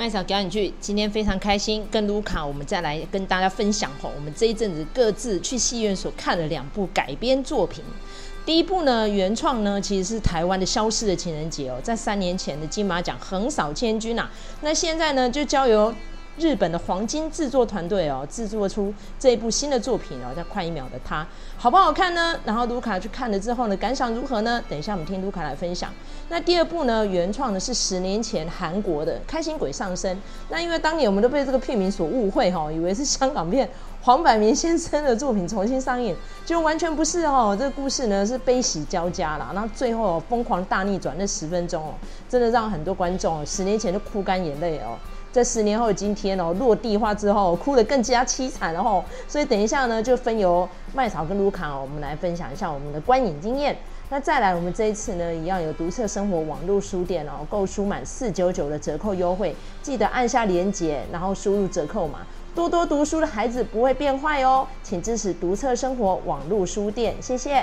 麥嫂講兩句，今天非常開心，跟盧卡，我們再來跟大家分享吼，我們這一陣子各自去戲院所看了兩部改編作品。第一部呢，原創呢，其實是台灣的《消失的情人節》哦，在三年前的金馬獎橫掃千軍吶、啊。那現在呢，就交由。日本的黃金製作團隊哦，製作出這一部新的作品哦，叫快一秒的他，好不好看呢？然後盧卡去看了之後呢，感想如何呢？等一下我們聽盧卡來分享。那第二部呢，原創的是十年前韓國的《開心鬼上身》。那因為當年我們都被這個片名所誤會，哦，以為是香港片黃百鳴先生的作品重新上映，就完全不是哦。這個故事呢是悲喜交加啦，然後最後哦，瘋狂大逆轉那十分鐘哦，真的讓很多觀眾，哦、十年前都哭乾眼淚哦。在十年後的今天哦，落地化之後，哭得更加淒慘，然後，所以等一下呢，就分由麥嫂跟盧卡我們來分享一下我們的觀影經驗。那再來，我們這一次呢，一樣有讀冊生活網絡書店哦，購書滿四九九的折扣優惠，記得按下連結，然後輸入折扣碼，多多讀書的孩子不會變壞哦，請支持讀冊生活網絡書店，謝謝。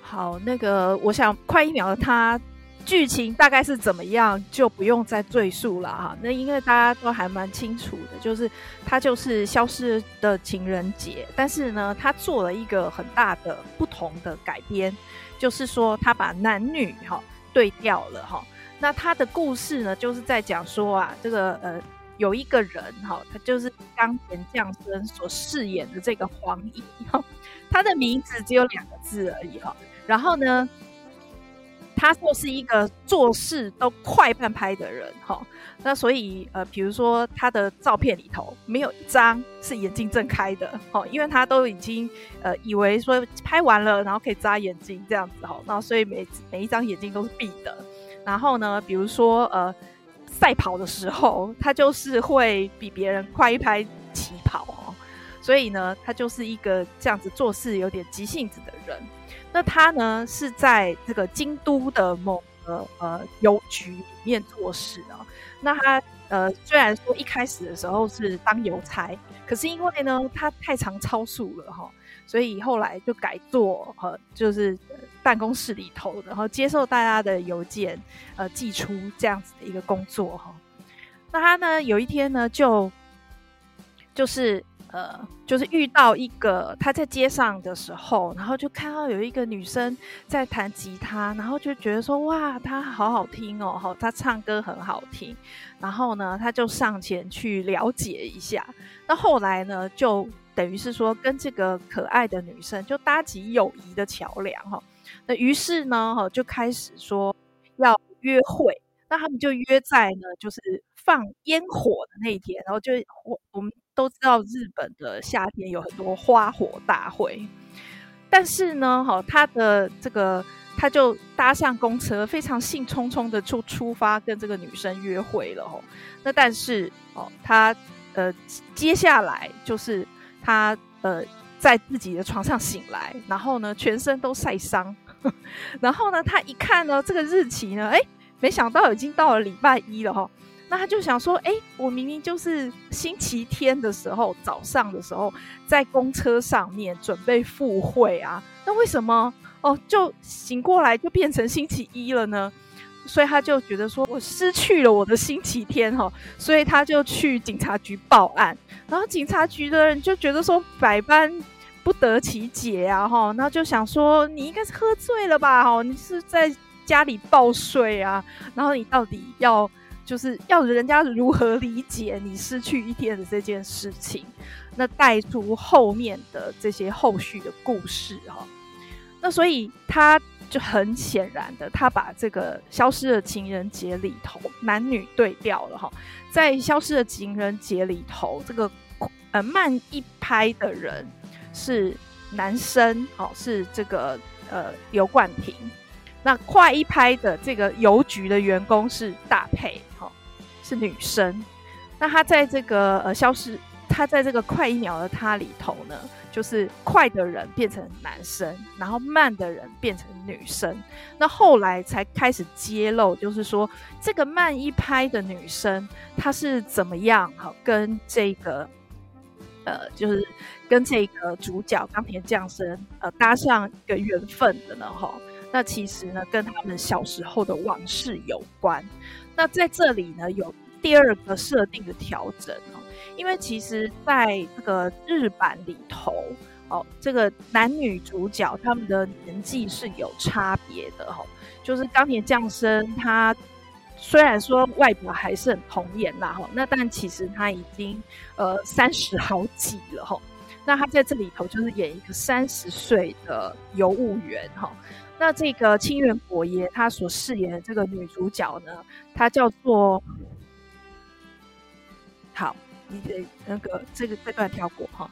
好，那個我想快一秒的他。劇情大概是怎麼樣，就不用再贅述了哈。那因為大家都還蠻清楚的，就是他就是消失的情人節，但是呢，他做了一個很大的不同的改編，就是說他把男女哈、哦、對調了哈、哦。那他的故事呢，就是在講說啊，這個呃有一個人哈、哦，他就是岡田將生所飾演的這個黃衣、哦，他的名字只有兩個字而已哈、哦。然後呢，他就是一個做事都快半拍的人，哈、哦，那所以呃，比如說他的照片裡頭沒有一張是眼睛睜開的，哦，因為他都已經呃以為說拍完了，然後可以眨眼睛這樣子，哦，那所以每每一張眼睛都是閉的。然後呢，比如說呃，賽跑的時候，他就是會比別人快一拍起跑，哦，所以呢，他就是一個這樣子做事有點急性子的人。那他呢，是在這個京都的某個呃郵局裡面做事的。那他呃，雖然說一開始的時候是當郵差，可是因為呢，他太常超速了齁，所以後來就改做呃，就是辦公室裡頭，然後接受大家的郵件，呃，寄出這樣子的一個工作齁。那他呢，有一天呢，就就是。呃，就是遇到一個他在街上的時候，然後就看到有一個女生在彈吉他，然後就覺得說哇，她好好聽哦，吼、哦，她唱歌很好聽。然後呢，他就上前去了解一下。那後來呢，就等於是說跟這個可愛的女生就搭起友誼的橋梁，哈、哦。那於是呢，哈、哦，就開始說要約會。那他們就約在呢，就是放煙火的那一天，然後就我我們。都知道日本的夏天有很多花火大會，但是呢，哈、哦，他的這個他就搭上公車，非常興沖沖的就出，出發跟這個女生約會了、哦，哈。那但是，哦，他呃，接下來就是他呃，在自己的床上醒來，然後呢，全身都曬傷，然後呢，他一看呢，這個日期呢，誒，沒想到已經到了禮拜一了、哦，哈。那他就想說：“哎、欸，我明明就是星期天的時候，早上的時候，在公車上面準備赴會啊，那為什麼哦就醒過來就變成星期一了呢？所以他就覺得說，我失去了我的星期天哈，所以他就去警察局報案。然後警察局的人就覺得說百般不得其解啊哈，然後就想說，你應該是喝醉了吧哈，你是在家裡暴睡啊，然後你到底要？”就是要人家如何理解你失去一天的這件事情，那帶出後面的這些後續的故事哈、哦。那所以他就很顯然的，他把這個消失的情人節裡頭男女對調了哈、哦。在消失的情人節裡頭，這個呃慢一拍的人是男生哦，是這個呃劉冠廷。那快一拍的這個郵局的員工是大霈，好、哦、是女生。那她在這個呃消失，她在這個快一秒的他裡頭呢，就是快的人變成男生，然後慢的人變成女生。那後來才開始揭露，就是說這個慢一拍的女生她是怎麼樣，哈、哦，跟這個呃，就是跟這個主角岡田將生呃搭上一個緣分的呢，哈、哦。那其實呢，跟他們小時候的往事有關。那在這裡呢，有第二個設定的調整哦，因為其實在這個日版裡頭，哦，這個男女主角他們的年紀是有差別的、哦、就是岡田將生，他雖然說外表還是很童顏啦、哦，那但其實他已經呃三十好幾了、哦、那他在這裡頭就是演一個三十歲的郵務員哈、哦。那這個清原果耶，他所飾演的這個女主角呢，她叫做好，你得那個這個這段跳過哈，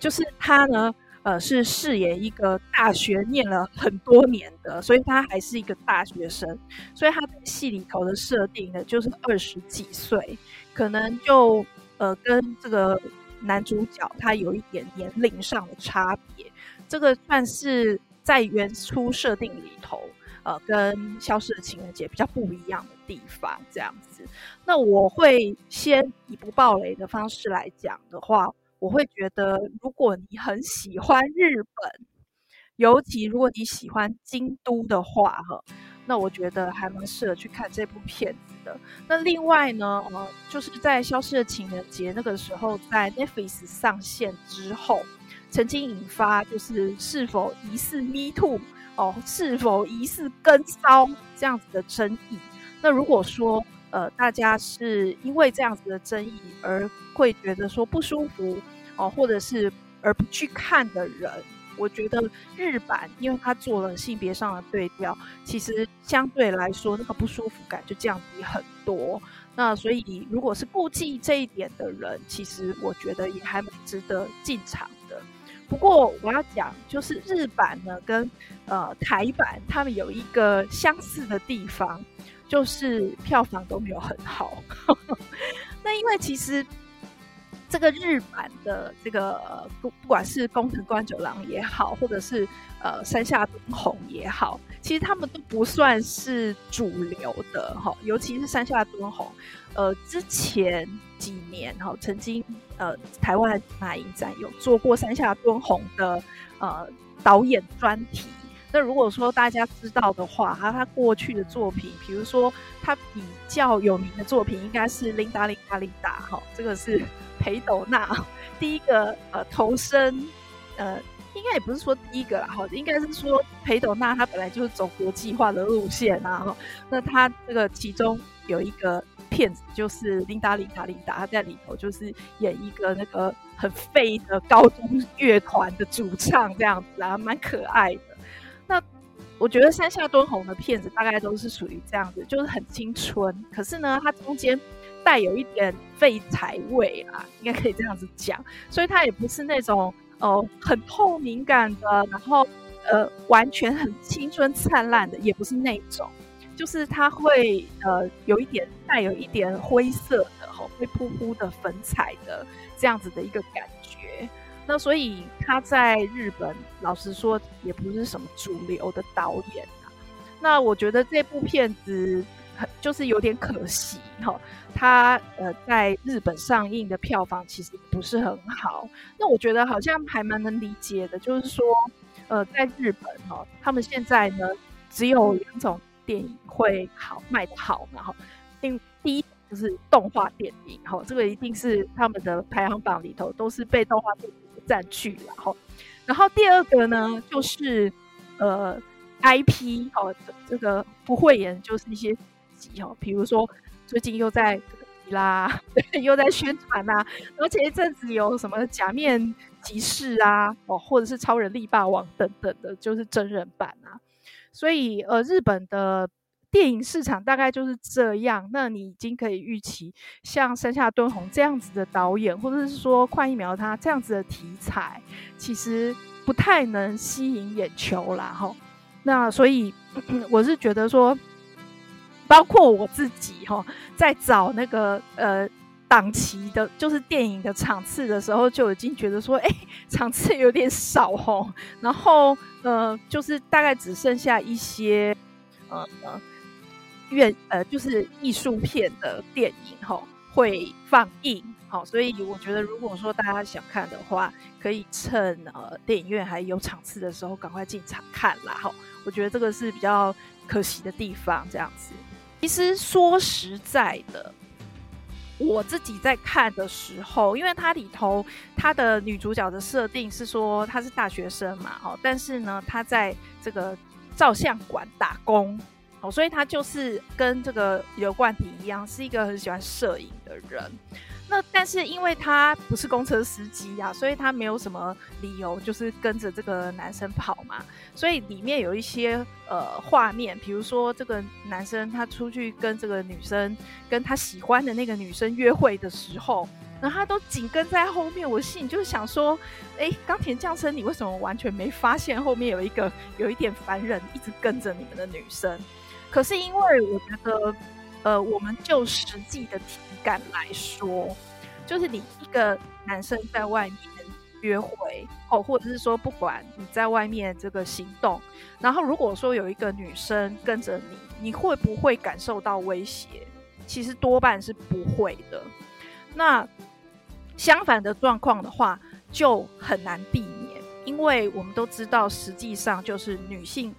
就是她呢，呃，是飾演一個大學念了很多年的，所以她還是一個大學生，所以她在戲裡頭的設定呢，就是二十幾歲，可能就呃跟這個男主角他有一點年齡上的差別，這個算是。在原初設定裡頭，呃，跟《消失的情人節》比較不一樣的地方，這樣子。那我會先以不爆雷的方式來講的話，我會覺得，如果你很喜歡日本，尤其如果你喜歡京都的話，哈，那我覺得還蠻適合去看這部片子的。那另外呢，呃，就是在《消失的情人節》那個時候，在 Netflix 上線之後。曾經引發就是是否疑似 MeToo 哦，是否疑似跟騷這樣子的爭議。那如果說呃大家是因為這樣子的爭議而會覺得說不舒服哦，或者是而不去看的人，我覺得日版因為他做了性別上的對調，其實相對來說那個不舒服感就降低很多。那所以如果是顧忌這一點的人，其實我覺得也還蠻值得進場。不過我要講，就是日版呢跟呃台版，他們有一個相似的地方，就是票房都沒有很好。 那因為其實。這個日版的這個、呃、不管是宮藤官九郎也好，或者是呃山下敦弘也好，其實他們都不算是主流的哈、哦。尤其是山下敦弘，呃，之前幾年哈、哦、曾經呃台灣的影展有做過山下敦弘的呃導演專題。那如果說大家知道的話，他他過去的作品，比如說他比較有名的作品應該是《琳達琳達琳達》哈、哦，這個是。裴斗娜第一個呃投身呃，應該也不是說第一個啦，哈，應該是說裴斗娜她本來就是走國際化的路線啊，哈。那她這個其中有一個片子，就是琳達琳達琳達，在裡頭就是演一個那個很廢的高中樂團的主唱這樣子啊，蠻可愛的。那我覺得山下敦弘的片子大概都是屬於這樣子，就是很青春，可是呢，它中間。帶有一點廢柴味啦、啊，應該可以這樣子講，所以他也不是那種哦、呃、很透明感的，然後呃完全很青春燦爛的，也不是那種，就是他會呃有一點帶有一點灰色的吼，灰、哦、撲撲的粉彩的這樣子的一個感覺。那所以他在日本老實說也不是什麼主流的導演啊。那我覺得這部片子。很就是有點可惜哈，他、哦、呃在日本上映的票房其實不是很好。那我覺得好像還蠻能理解的，就是說呃在日本哦，他們現在呢只有兩種電影會好賣得好。然後第第一就是動畫電影哈、哦，這個一定是他們的排行榜裡頭都是被動畫電影占據了哈。然後第二個呢就是呃 IP 哦，這個不會演就是一些。哦，比如說最近又在啦，又在宣傳啦。而且一陣子有什麼假面騎士啊，哦，或者是超人力霸王等等的，就是真人版啊。所以呃，日本的電影市場大概就是這樣。那你已經可以預期，像山下敦弘這樣子的導演，或者是說快一秒他這樣子的題材，其實不太能吸引眼球啦。哈。那所以我是覺得說。包括我自己哈、哦，在找那個呃檔期的，就是電影的場次的時候，就已經覺得說，哎，場次有點少哦。然後呃，就是大概只剩下一些呃，院呃，呃，就是藝術片的電影哈、哦，會放映。好、哦，所以我覺得如果說大家想看的話，可以趁呃電影院還有場次的時候，趕快進場看啦。好、哦，我覺得這個是比較可惜的地方，這樣子。其實說實在的，我自己在看的時候，因為它裡頭他的女主角的設定是說她是大學生嘛，哦，但是呢，她在這個照相館打工，哦，所以她就是跟這個劉冠廷一樣，是一個很喜歡攝影的人。那但是因為他不是公車司機呀，啊，所以他沒有什麼理由就是跟着這個男生跑嘛。所以裡面有一些呃畫面，比如說這個男生他出去跟這個女生跟他喜歡的那個女生約會的時候，那他都緊跟在後面。我心裡就是想說，哎，岡田將生，你為什麼完全沒發現後面有一個有一點煩人一直跟着你們的女生？可是因為我覺得。呃，我們就實際的體感來說，就是你一個男生在外面約會，哦，或者是說不管你在外面這個行動，然後如果說有一個女生跟着你，你會不會感受到威脅？其實多半是不會的。那相反的狀況的話，就很難避免，因為我們都知道，實際上就是女性。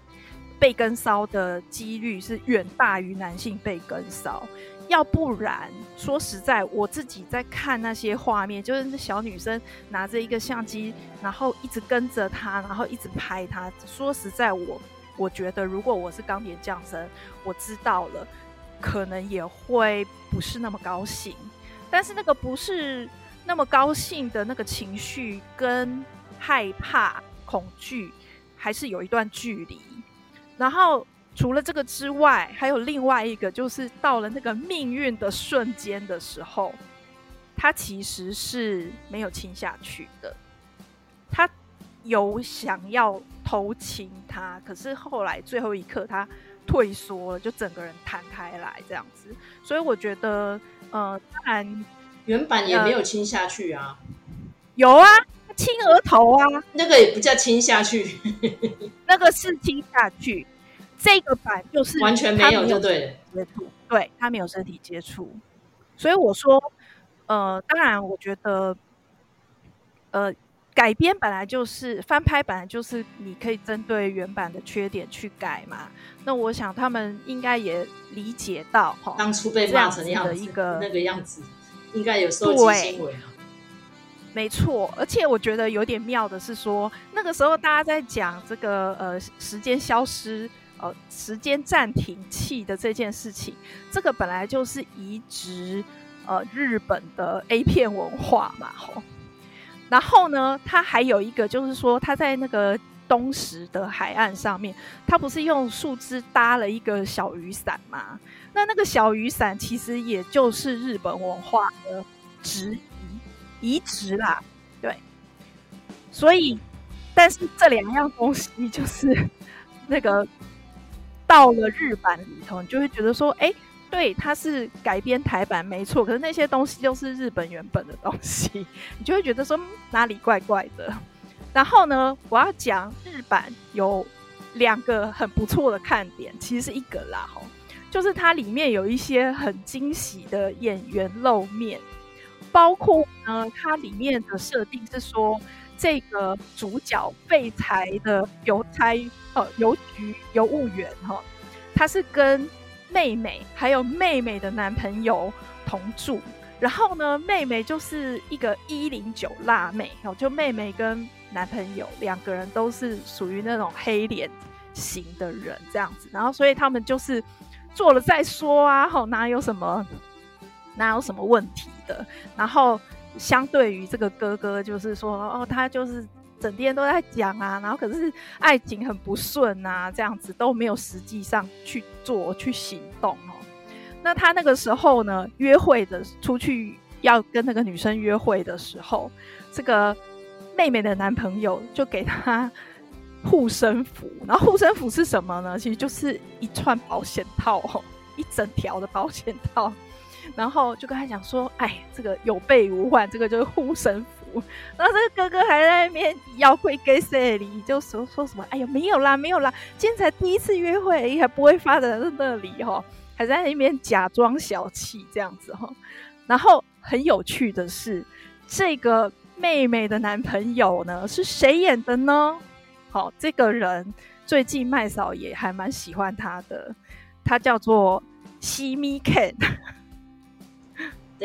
被跟騷的幾率是遠大於男性被跟騷，要不然說實在，我自己在看那些畫面，就是那小女生拿着一個相機，然後一直跟着他，然後一直拍他。說實在我，我我覺得如果我是鋼鐵強森，我知道了，可能也會不是那麼高興。但是那個不是那麼高興的那個情緒跟害怕、恐懼，還是有一段距離。然後除了這個之外，還有另外一個，就是到了那個命運的瞬間的時候，他其實是沒有親下去的。他有想要偷親他，可是後來最後一刻他退縮了，就整個人彈開來這樣子。所以我覺得，呃，當然原版也沒有親下去啊，嗯、有啊，他親額頭啊，那個也不叫親下去。 那個事情下去，這個版就是完全沒有對對，他沒有身體接觸，所以我說，呃，當然，我覺得，呃，改編本來就是翻拍，本來就是你可以針對原版的缺點去改嘛。那我想他們應該也理解到，當初被罵成這樣子的一個那個樣子，應該有受過驚為。沒錯，而且我覺得有點妙的是說，那個時候大家在講這個呃時間消失，呃時間暫停器的這件事情，這個本來就是移植呃日本的 A 片文化嘛吼。然後呢，他還有一個就是說，他在那個東石的海岸上面，他不是用樹枝搭了一個小雨傘嗎？那那個小雨傘其實也就是日本文化的植，移植啦，對，所以，但是這兩樣東西就是那個到了日版裡頭，你就會覺得說，哎，對，它是改編台版沒錯，可是那些東西就是日本原本的東西，你就會覺得說哪裡怪怪的。然後呢，我要講日版有兩個很不錯的看點，其實是一個啦，就是它裡面有一些很驚喜的演員露面。包括呢，它裡面的設定是說，這個主角廢柴的郵差，呃，郵局郵務員哈，他是跟妹妹還有妹妹的男朋友同住，然後呢，妹妹就是一個一零九辣妹哦，就妹妹跟男朋友兩個人都是屬於那種黑臉型的人這樣子，然後所以他們就是做了再說啊，哈，哪有什麼哪有什麼問題。的，然後相對於這個哥哥，就是說，哦，他就是整天都在講啊，然後可是愛情很不順啊，這樣子都沒有實際上去做去行動哦。那他那個時候呢，約會的出去要跟那個女生約會的時候，這個妹妹的男朋友就給他護身符，然後護身符是什麼呢？其實就是一串保險套哦，一整條的保險套。然後就跟他講說，哎，這個有備無患，這個就是護身符。然後這個哥哥還在那邊要會給誰你就說說什麼，哎呀，沒有啦，沒有啦，今天才第一次約會，還不會發展在那裡哈，還在那邊假裝小氣這樣子哈。然後很有趣的是，這個妹妹的男朋友呢是誰演的呢？好，這個人最近麥嫂也還蠻喜歡他的，他叫做西米肯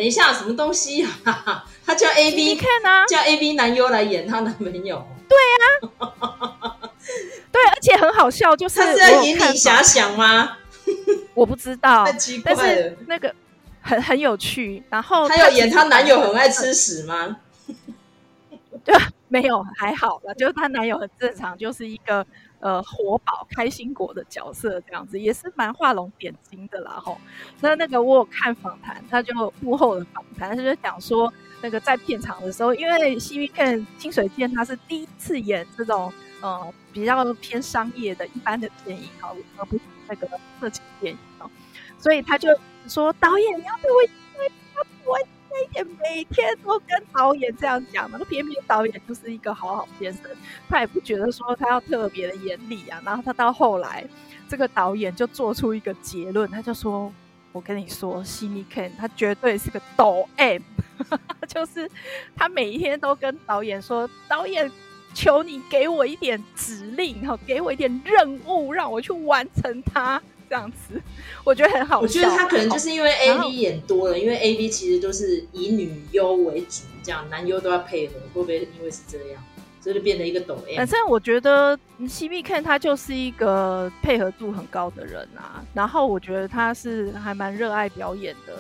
等一下，什麼東西呀、啊？他叫 A V 看啊，叫 A V 男優來演他男朋友。對啊， 對，而且很好笑，就是他是在引你遐想嗎？我不知道，但是那個很很有趣。然後他要演他男友很愛吃屎嗎？對， 沒有，還好啦，就是他男友很正常，就是一個。呃，活寶開心果的角色這樣子，也是蠻畫龍點睛的啦吼。那那個我有看訪談，他就幕後的訪談，他就講說那個在片場的時候，因為新片清水健他是第一次演這種呃比較偏商業的一般的電影哈，而不是那個色情電影哦，所以他就說、嗯、導演你要不要為？也每天都跟導演這樣講，然後偏偏導演就是一個好好先生，他也不覺得說他要特別的嚴厲啊。然後他到後來，這個導演就做出一個結論，他就說：“我跟你說，Simi Ken，他絕對是個抖 M， 就是他每一天都跟導演說，導演求你給我一點指令，給我一點任務，讓我去完成它。”這樣子， 我覺得很好。我覺得他可能就是因為 AV 演多了，後因為 AV 其實都是以女優為主，這樣男優都要配合，會不會因為是這樣，所以就變得一個抖、M？反正我覺得 Shimiken 他就是一個配合度很高的人啊。然後我覺得他是還蠻熱愛表演的，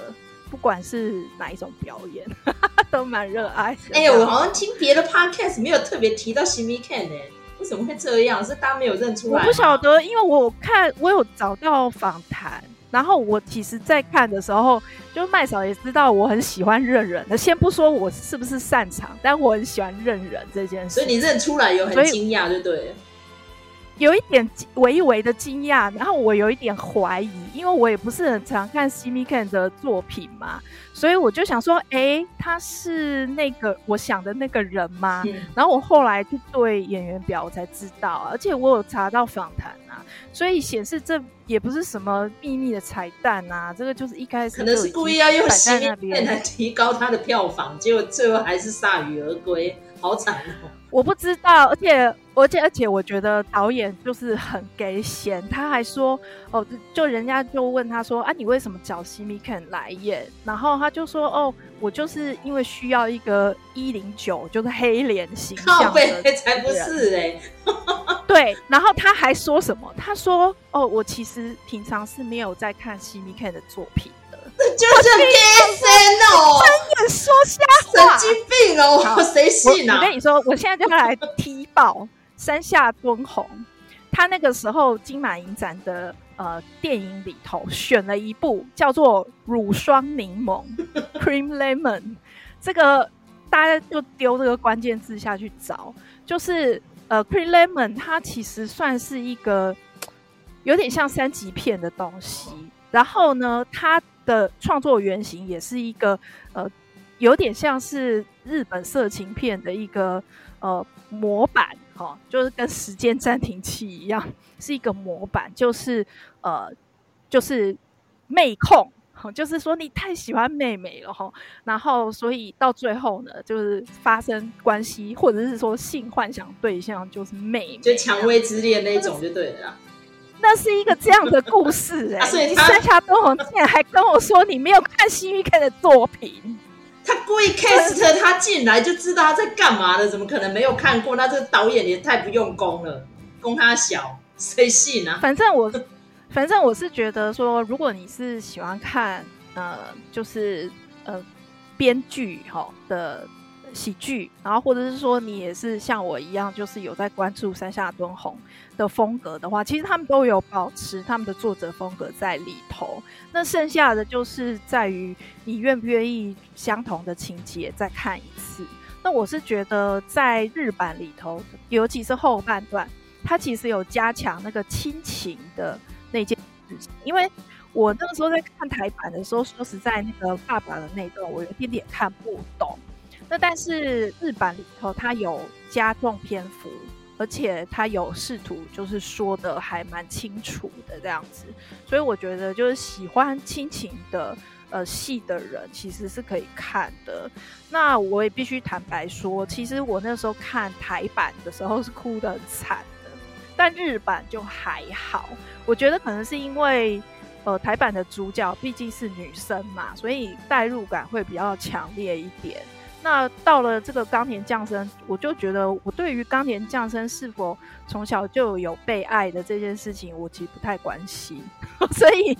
不管是哪一種表演， 都蠻熱愛的。哎、欸、我好像聽別的 podcast 沒有特別提到 Shimiken 呢。為什麼會這樣？是大家沒有認出來，我不曉得，因為我看我有找到訪談，然後我其實在看的時候，就麥嫂也知道我很喜歡認人。那先不說我是不是擅長，但我很喜歡認人這件事情，所以你認出來有很驚訝，對不對？有一點微微的驚訝，然後我有一點懷疑，因為我也不是很常看西米坎的作品嘛，所以我就想說，哎，他是那個我想的那個人嗎？是然後我後來去對演員表，我才知道啊，而且我有查到訪談啊，所以顯示這也不是什麼秘密的彩蛋啊，這個就是一開始可能是故意要用西米坎來提高他的票房，結果最後還是鎩羽而歸，好慘哦。我不知道，而且，而且，而且，我覺得導演就是很給錢。他還說，哦，就人家就問他說，啊，你為什麼找西米肯來演？然後他就說，哦，我就是因為需要一個一零九，就是黑臉形象的人。靠背才不是嘞，對。然後他還說什麼？他說，哦，我其實平常是沒有在看西米肯的作品。 就是天生哦，睜眼說瞎，神經病哦，誰信呢，啊？我跟你說，我現在就要來踢爆山下敦弘。他那個時候金馬影展的呃電影裡頭，選了一部叫做《乳霜檸檬》（Cream Lemon）。這個大家就丟這個關鍵字下去找，就是呃，Cream Lemon，它其實算是一個有點像三級片的東西。然後呢，它的創作原型也是一個呃，有點像是日本色情片的一個呃模板哦，就是跟時間暫停器一樣，是一個模板，就是呃，就是妹控，就是說你太喜歡妹妹了哈，然後所以到最後呢，就是發生關係，或者是說性幻想對象就是妹妹，就薔薇之戀那一種就對了。那是一個這樣的故事哎、欸，生、啊、下敦宏竟然還跟我說，你沒有看新域 K 的作品，他故意 cast 以他進來就知道他在幹嘛的，怎麼可能沒有看過？那這個導演也太不用功了，功他小誰信啊？反正我，反正我是覺得說，如果你是喜歡看呃，就是呃編劇哈的。喜劇，然後或者是說你也是像我一樣，就是有在關注山下敦弘的風格的話，其實他們都有保持他們的作者風格在裡頭。那剩下的就是在於你願不願意相同的情節再看一次。那我是覺得在日版裡頭，尤其是後半段，它其實有加強那個親情的那件事情。因為我那個時候在看台版的時候，說實在那個爸爸的那段，我有一點點看不懂。那但是日版裡頭，它有加重篇幅，而且它有試圖就是說得還蠻清楚的這樣子，所以我覺得就是喜歡親情的呃戲的人其實是可以看的。那我也必須坦白說，其實我那時候看台版的時候是哭得很慘的，但日版就還好。我覺得可能是因為呃台版的主角畢竟是女生嘛，所以代入感會比較強烈一點。那到了這個岡田將生，我就覺得我對於岡田將生是否從小就有被愛的這件事情，我其實不太關心， 所以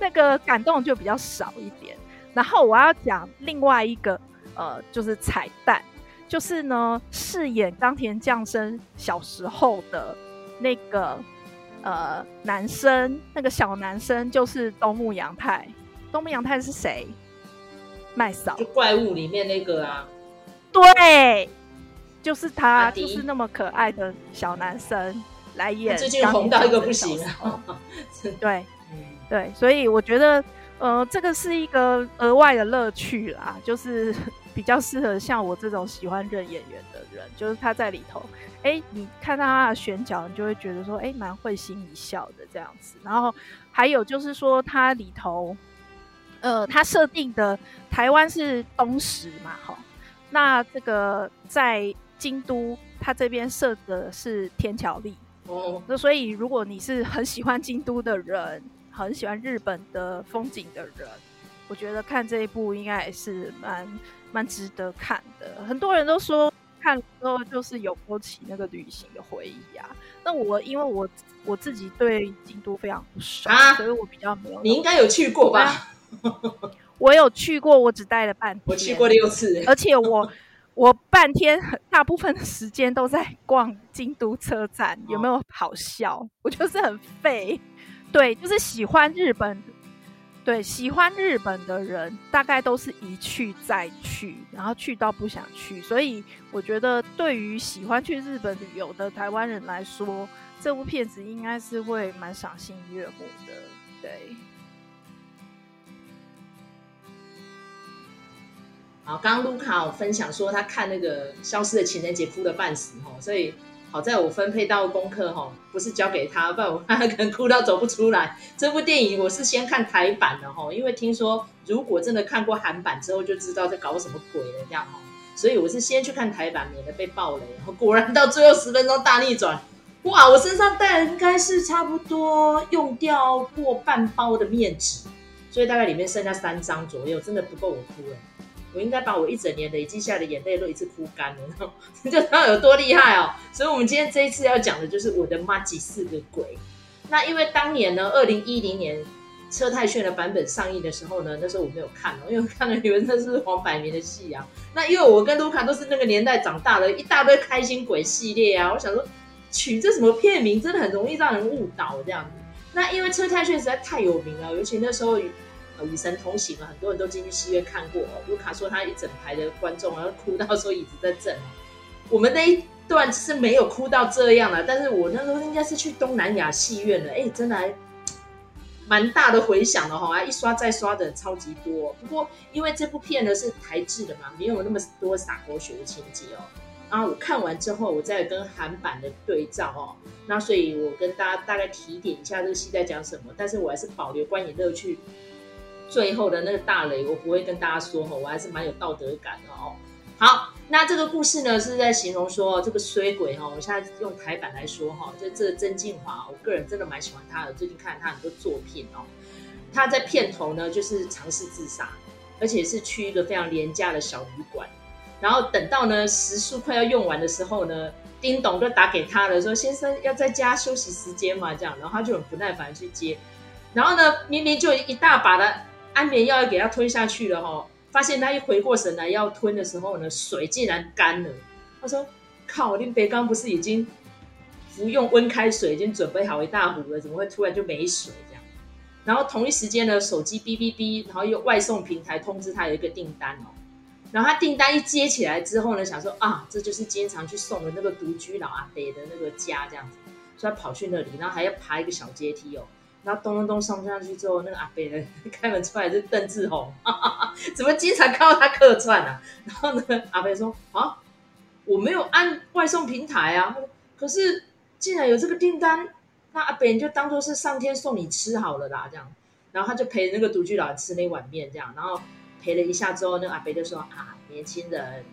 那個感動就比較少一點。然後我要講另外一個呃，就是彩蛋，就是呢飾演岡田將生小時候的那個呃男生，那個小男生就是東木陽太。東木陽太是誰？麥嫂，就怪物裡面那個啊。對，就是他，就是那麼可愛的小男生來演，最近紅到一個不行，啊、 對，對，所以我覺得，呃，這個是一個額外的樂趣啦，就是比較適合像我這種喜歡認演員的人，就是他在裡頭，哎、欸，你看到他的選角，你就會覺得說，哎、欸，蠻會心一笑的這樣子，然後還有就是說，他裡頭。呃，它設定的台灣是東石嘛，齁，那這個在京都，它這邊設的是天橋立哦。Oh. 那所以如果你是很喜歡京都的人，很喜歡日本的風景的人，我覺得看這一部應該也是蠻蠻值得看的。很多人都說看之後就是有勾起那個旅行的回憶啊。那我因為我我自己對京都非常不熟，ah? 所以我比較沒有。你應該有去過吧？ 我有去過，我只待了半天。我去過六次了， 而且我我半天大部分的時間都在逛京都車站， 有沒有好笑？我就是很廢，對，就是喜歡日本，對，喜歡日本的人大概都是一去再去，然後去到不想去。所以我覺得，對於喜歡去日本旅遊的台灣人來說，這部片子應該是會蠻賞心悅目的，對。好，剛剛盧卡我分享說，他看那個《消失的情人節》哭的半死吼、哦，所以好在我分配到的功課吼、哦，不是交給他，不然他可能哭到走不出來。這部電影我是先看台版的吼、哦，因為聽說如果真的看過韓版之後，就知道在搞什麼鬼了這樣吼，所以我是先去看台版，免得被爆雷。然後果然到最後十分鐘大逆轉，哇！我身上帶的應該是差不多用掉過半包的面紙，所以大概裡面剩下三張左右，真的不夠我哭了。我應該把我一整年累積下的眼淚都一次哭乾了，你就知道 有多厲害哦。所以，我們今天這一次要講的就是我的麻吉四個鬼。那因為當年呢，二零一零年車太鉉的版本上映的時候呢，那時候我沒有看哦，因為我看了以為那是黃百鳴的戲啊。那因為我跟盧卡都是那個年代長大的，一大堆開心鬼系列啊。我想說，取這什麼片名真的很容易讓人誤導這樣。那因為車太鉉實在太有名了，尤其那時候。與神同行啊，很多人都進去戲院看過。哦、盧卡說他一整排的觀眾、啊、哭到說椅子在震。我們那一段是沒有哭到這樣的、啊，但是我那時候應該是去東南亞戲院了，欸、真的還蠻大的回響的哈、哦，一刷再刷的超級多、哦。不過因為這部片呢是台制的嘛，沒有那麼多灑狗血的情節哦。然後我看完之後，我再跟韓版的對照哦，那所以我跟大家大概提點一下這個戲在講什麼，但是我還是保留觀影樂趣。最後的那個大雷，我不會跟大家說哈，我還是蠻有道德感的哦。好，那這個故事呢是在形容說這個衰鬼、哈、哦，我現在用台版來說哈，就這個曾敬驊，我個人真的蠻喜歡他的，最近看了他很多作品哦。他在片頭呢就是嘗試自殺，而且是去一個非常廉價的小旅館，然後等到呢時數快要用完的時候呢，丁董就打給他了，說先生要在家休息時間嘛這樣，然後他就很不耐煩去接，然後呢明明就一大把的安眠藥要給他吞下去了哈、哦，發現他一回過神來要吞的時候呢，水竟然乾了。他說：“靠，林北剛不是已經服用溫開水，已經準備好一大壺了，怎麼會突然就沒水這樣？”然後同一時間呢，手機 BBB，然後又外送平台通知他有一個訂單哦。然後他訂單一接起來之後呢，想說：“啊，這就是經常去送的那個獨居老阿北的那個家這樣子。”所以他跑去那裡，然後還要爬一個小階梯哦。他咚咚咚上不下去之後，那個阿北呢，開門出來是鄧志鴻哈哈，怎麼經常看到他客串啊？然後呢，阿北說：“啊，我沒有按外送平台啊，可是既然有這個訂單，那阿北就當做是上天送你吃好了啦，這樣。然後他就陪那個獨居老人吃那碗麵，這樣，然後陪了一下之後，那個、阿北就說：啊，年輕人，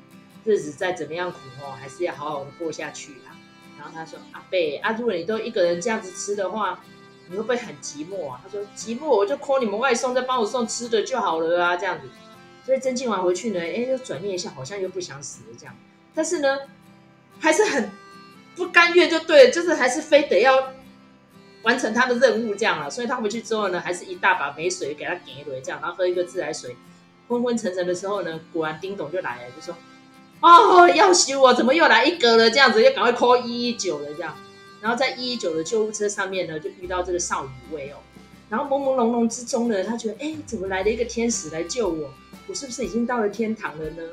日子再怎麼樣苦哦，還是要好好的過下去啊。然後他說：阿北啊，如果你都一個人這樣子吃的話。”你會不會很寂寞啊？他說寂寞，我就 call 你們外送，再幫我送吃的就好了啊，這樣子。所以曾慶完回去呢，哎、欸，又轉念一下，好像又不想死了這樣。但是呢，還是很不甘願就對了，就是還是非得要完成他的任務這樣了、啊。所以他回去之後呢，還是一大把沒水給他點一杯這樣，然後喝一個自來水。昏昏沉沉沉的時候呢，果然叮咚就來了，就說：“哦，要修啊，怎麼又來一個了？這樣子，就趕快 call 一一九了這樣。”然後在一一九的救護車上面呢，就遇到這個邵雨薇哦，然後朦朦朧朧之中呢，他覺得哎、欸，怎麼來了一個天使來救我？我是不是已經到了天堂了呢？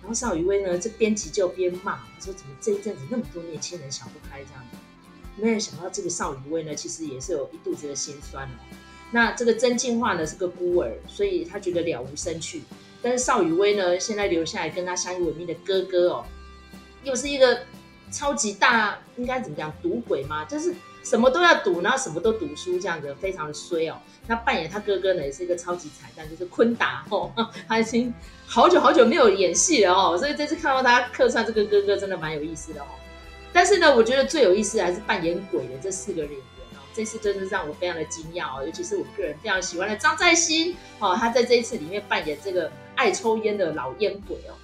然後邵雨薇呢，這邊急救邊罵，他說怎麼這一陣子那麼多年輕人想不開這樣子？沒有想到這個邵雨薇呢，其實也是有一肚子的心酸哦、喔。那這個曾敬驊呢是個孤兒，所以他覺得了無生趣。但是邵雨薇呢，現在留下來跟他相依為命的哥哥哦、喔，又是一個，超級大，應該怎麼講？賭鬼嘛？就是什麼都要賭，然後什麼都賭輸這樣子，非常的衰哦。他扮演他哥哥呢，也是一個超級慘蛋，就是坤達哦，他已經好久好久沒有演戲了哦，所以這次看到他客串這個哥哥，真的蠻有意思的哦。但是呢，我覺得最有意思還是扮演鬼的這四個演員哦，這次真的讓我非常的驚訝哦，尤其是我個人非常喜歡的張再興哦，他在這一次裡面扮演這個愛抽煙的老煙鬼哦。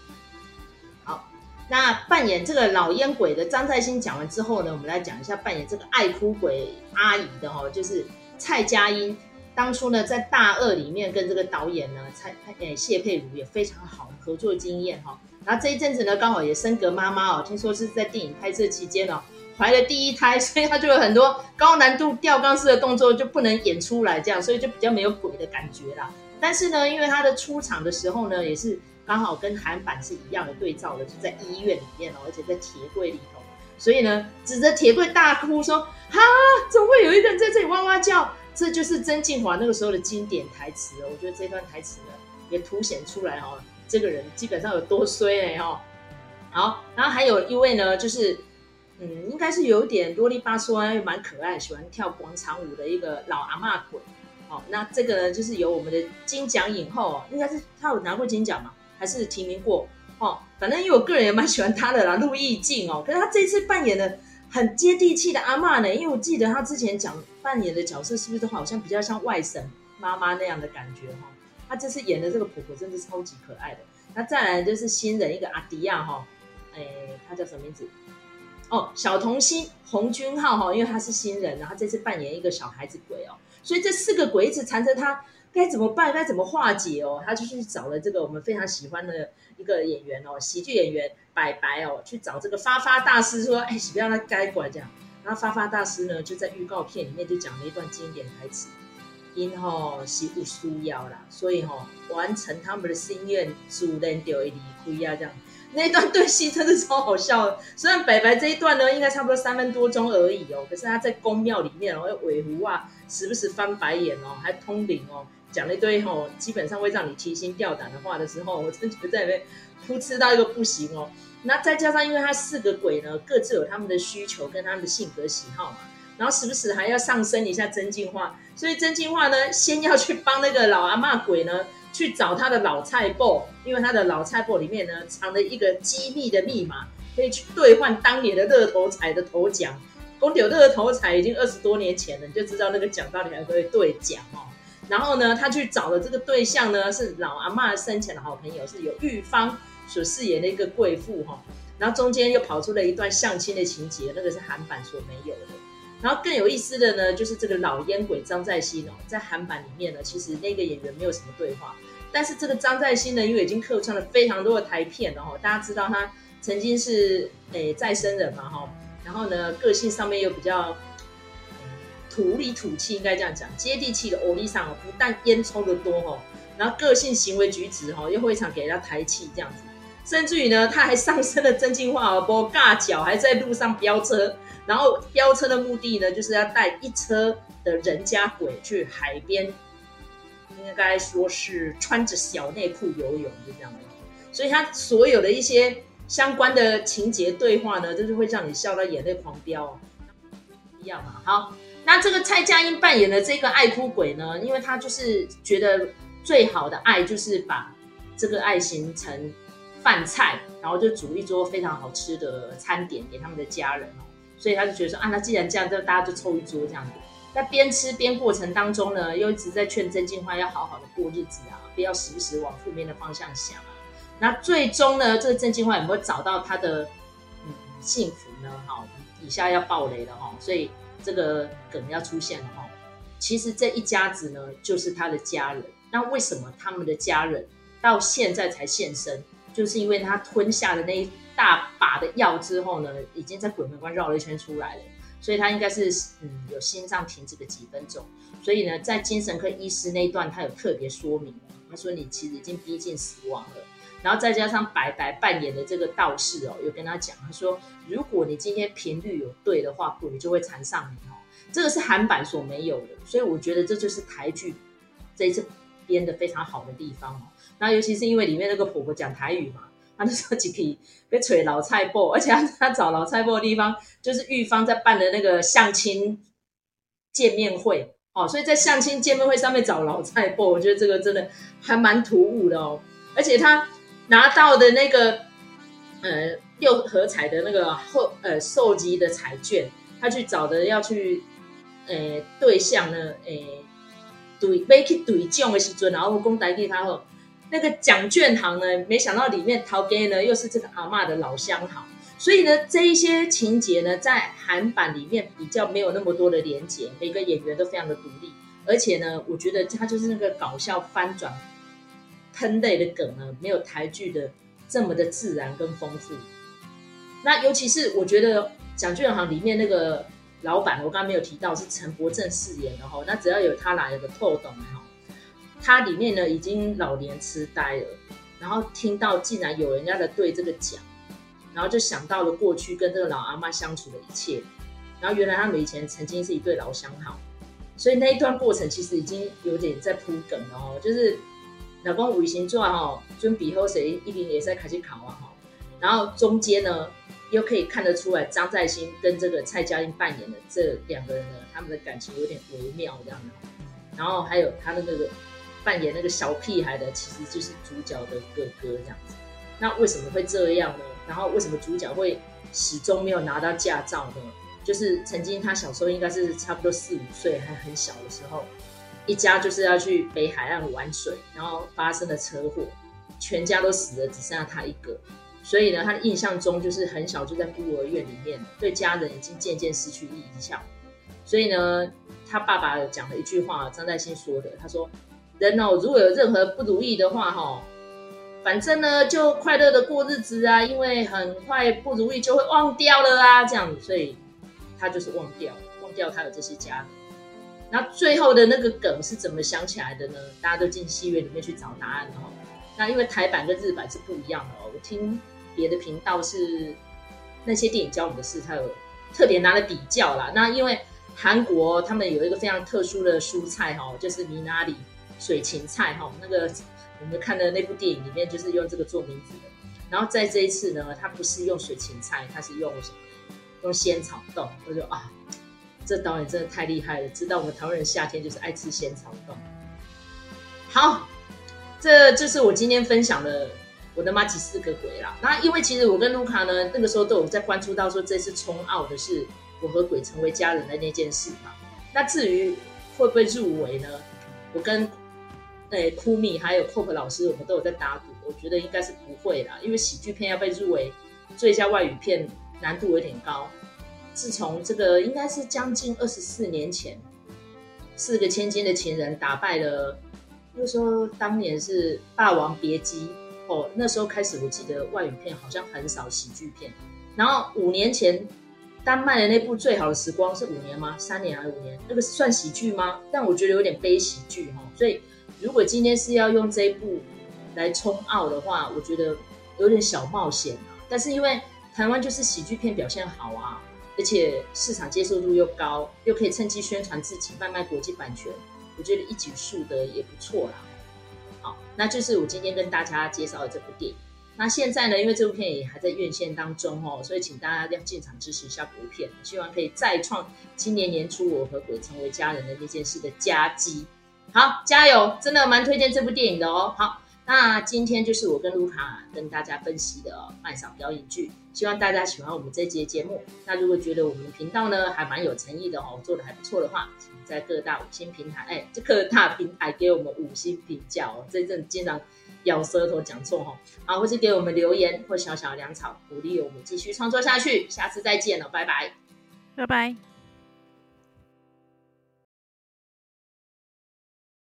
那扮演這個老煙鬼的張在生講完之後呢，我們來講一下扮演這個愛哭鬼阿姨的哈、哦，就是蔡嘉茵。當初呢，在大餓裡面跟這個導演呢蔡蔡、欸、謝沛如也非常好的合作的經驗哈、哦。然後這一陣子呢，剛好也升格媽媽哦，聽說是在電影拍攝期間哦，懷了第一胎，所以她就有很多高難度吊鋼絲的動作就不能演出來，這樣所以就比較沒有鬼的感覺啦。但是呢，因為她的出場的時候呢，也是。剛好跟韓版是一樣的對照的，就在醫院裡面哦，而且在鐵櫃裡頭，所以呢，指着鐵櫃大哭說：“啊，怎麼會有一個人在這裡哇哇叫？”這就是曾敬驊那個時候的經典台詞哦。我覺得這段台詞呢，也凸顯出來哦，這個人基本上有多衰、欸、哦。好，然後還有一位呢，就是嗯，應該是有點囉里吧嗦，又蠻可愛，喜歡跳廣場舞的一個老阿嬤鬼。哦，那這個呢，就是由我們的金獎影后、哦，應該是她有拿過金獎嘛？還是提名過、哦，反正因為我個人也蠻喜歡他的啦，陸弈靜，哦，可是他這次扮演的很接地氣的阿嬤呢，因為我記得他之前講扮演的角色是不是都好像比較像外省媽媽那樣的感覺她、哦、他這次演的這個婆婆真的超級可愛的，那再來就是新人一個阿迪亞哈、哦，哎，他叫什麼名字？哦，小童星洪軍浩哈、哦，因為他是新人，然後這次扮演一個小孩子鬼哦，所以這四個鬼一直纏着他。該怎麼辦？該怎麼化解哦？他就去找了這個我們非常喜歡的一個演員哦，喜劇演員白白哦，去找這個發發大師說：“哎，喜不要讓他該管這樣。”然後發發大師呢，就在預告片裡面就講了一段經典台詞：“因吼喜不收妖啦，所以吼、哦、完成他們的心願，主人就會離開呀。”這樣那一段對戲真的超好笑的。雖然白白這一段呢，應該差不多三分多鐘而已哦，可是他在宮廟裡面哦，尾胡啊，時不時翻白眼哦，還通靈哦。講了一堆吼、哦，基本上會讓你提心吊膽的話的時候，我真的覺得在那邊撲哧到一個不行哦。那再加上，因為他四個鬼呢，各自有他們的需求跟他們的性格喜好嘛，然後時不時還要上升一下真心話，所以真心話呢，先要去幫那個老阿嬤鬼呢去找他的老菜脯，因為他的老菜脯裡面呢藏着一個機密的密碼，可以去兌換當年的樂透彩的頭獎。公掉樂透彩已經二十多年前了，你就知道那個獎到底還會不會兌獎哦。然後呢，他去找的這個對象呢，是老阿嬤生前的好朋友，是由玉芳所飾演的一個貴婦哈、哦。然後中間又跑出了一段相親的情節，那個是韓版所沒有的。然後更有意思的呢，就是這個老煙鬼張再興哦，在韓版裡面呢，其實那個演員沒有什麼對話，但是這個張再興呢，因為已經客串了非常多的台片了、哦，大家知道他曾經是誒再生人嘛哈、哦。然後呢，個性上面又比較。土裡土氣應該這樣講，接地氣的歐麗桑不但菸抽得多哈，然後個性行為舉止哈，又會常給人家抬氣這樣子，甚至於呢，他還上身了真進化耳波，尬腳還在路上飆車，然後飆車的目的呢，就是要帶一車的人家鬼去海邊，應該說是穿着小內褲游泳就這樣。所以他所有的一些相關的情節對話呢，就是會讓你笑到眼淚狂飆一樣嘛，好。那這個蔡佳音扮演的這個愛哭鬼呢，因為他就是覺得最好的愛就是把這個愛形成飯菜，然後就煮一桌非常好吃的餐點給他們的家人哦，所以他就覺得說啊，那既然這樣，就大家就湊一桌這樣子。那邊吃邊過程當中呢，又一直在勸曾敬花要好好的過日子啊，不要時不時往負面的方向想啊。那最終呢，這個曾敬花有沒有找到他的嗯幸福呢？哈，以下要爆雷了哈、哦，所以。這個梗要出現了哦。其實這一家子呢，就是他的家人。那為什麼他們的家人到現在才現身？就是因為他吞下的那一大把的藥之後呢，已經在鬼門關繞了一圈出來了。所以他應該是嗯有心臟停止的幾分鐘。所以呢，在精神科醫師那一段，他有特別說明，他說：“你其實已經逼近死亡了。”然後再加上白白扮演的這個道士哦，有跟他講，他說如果你今天頻率有對的話，鬼就會纏上你哦。這個是韓版所沒有的，所以我覺得這就是台劇這一次編的非常好的地方哦。那尤其是因為裡面那個婆婆講台語嘛，他就說吉皮別吹老菜婆，而且他找老菜婆的地方就是玉芳在辦的那個相親見面會哦。所以在相親見面會上面找老菜婆，我覺得這個真的還蠻突兀的哦，而且他。拿到的那個，呃，六合彩的那個後，呃，受機的彩券，他去找的要去，誒、呃，對象呢，誒、呃，兌，要去兌獎的時陣，然後公台給他後，那個獎券行呢，沒想到裡面頭家呢又是這個阿嬤的老相好，所以呢，這一些情節呢，在韓版裡面比較沒有那麼多的連結，每個演員都非常的獨立，而且呢，我覺得他就是那個搞笑翻轉。噴淚的梗呢，沒有台劇的這麼的自然跟豐富。那尤其是我覺得蔣劇好像裡面那個老闆，我剛剛沒有提到是陳伯正飾演的吼、哦、那只要有他來了的透懂哈、哦，他裡面呢已經老年痴呆了，然後聽到竟然有人家的對這個講，然後就想到了過去跟這個老阿媽相處的一切，然後原來他們以前曾經是一對老相好，所以那一段過程其實已經有點在鋪梗了哦，就是。老公五行座吼，從比後，誰一零年在卡西考啊吼？然後中間呢，又可以看得出來，張再生跟這個蔡佳音扮演的這兩個人呢，他們的感情有點微妙這樣。然後還有他的那個扮演那個小屁孩的，其實就是主角的哥哥這樣子。那為什麼會這樣呢？然後為什麼主角會始終沒有拿到駕照呢？就是曾經他小時候應該是差不多四五歲，還很小的時候。一家就是要去北海岸玩水，然後發生了車禍，全家都死了，只剩下他一個。所以呢，他的印象中就是很小就在孤兒院裡面，對家人已經漸漸失去印象。所以呢，他爸爸講了一句話，張在新說的，他說：“人哦，如果有任何不如意的話，哈，反正呢就快樂的過日子啊，因為很快不如意就會忘掉了啊，這樣子，所以他就是忘掉，忘掉他的這些家人。”那最後的那個梗是怎麼想起來的呢？大家都進戲院裡面去找答案了、哦、那因為台版跟日版是不一樣的哦。我聽別的頻道是那些電影教我的事，他有特別拿來比較啦。那因為韓國他們有一個非常特殊的蔬菜哈、哦，就是米娜裡水芹菜哈、哦，那個我們看的那部電影裡面就是用這個做名字的。然後在這一次呢，他不是用水芹菜，他是用什麼？用仙草凍，我就啊。這導演真的太厲害了，知道我們台灣人夏天就是愛吃仙草凍。好，這就是我今天分享的我的麻吉四個鬼啦。那因為其實我跟盧卡呢，那個時候都有在關注到說，這次衝奧的是我和鬼成為家人的那件事嘛。那至於會不會入圍呢？我跟誒酷米還有 Pop 老師，我們都有在打賭。我覺得應該是不會啦，因為喜劇片要被入圍最佳外語片難度有點高。自從這個應該是將近二十四年前，四個千金的情人打敗了。那時候當年是《霸王別姬》哦，那時候開始，我記得外語片好像很少喜劇片。然後五年前丹麥的那部《最好的時光》是五年嗎？三年還是五年？那個算喜劇嗎？但我覺得有點悲喜劇哈、哦。所以如果今天是要用這一部來衝奧的話，我覺得有點小冒險、啊。但是因為台灣就是喜劇片表現好啊。而且市場接受度又高，又可以趁機宣傳自己，賣賣國際版權，我覺得一舉數得也不錯啦。好，那就是我今天跟大家介紹的這部電影。那現在呢，因為這部片也還在院線當中哦，所以請大家要進場支持一下國片，希望可以再創今年年初我和鬼成為家人的那件事的佳績。好，加油！真的蠻推薦這部電影的哦。好。那、啊、今天就是我跟盧卡、啊、跟大家分析的麥嫂表演劇，希望大家喜歡我們這節節目。那如果覺得我們的頻道呢還蠻有誠意的哦，做的還不錯的話，請在各大五星平台，哎、欸，這各大平台給我們五星評價哦。這陣經常咬舌頭講錯哦，啊，或是給我們留言或小小糧草鼓勵我們繼續創作下去。下次再見了、哦，拜拜，拜拜。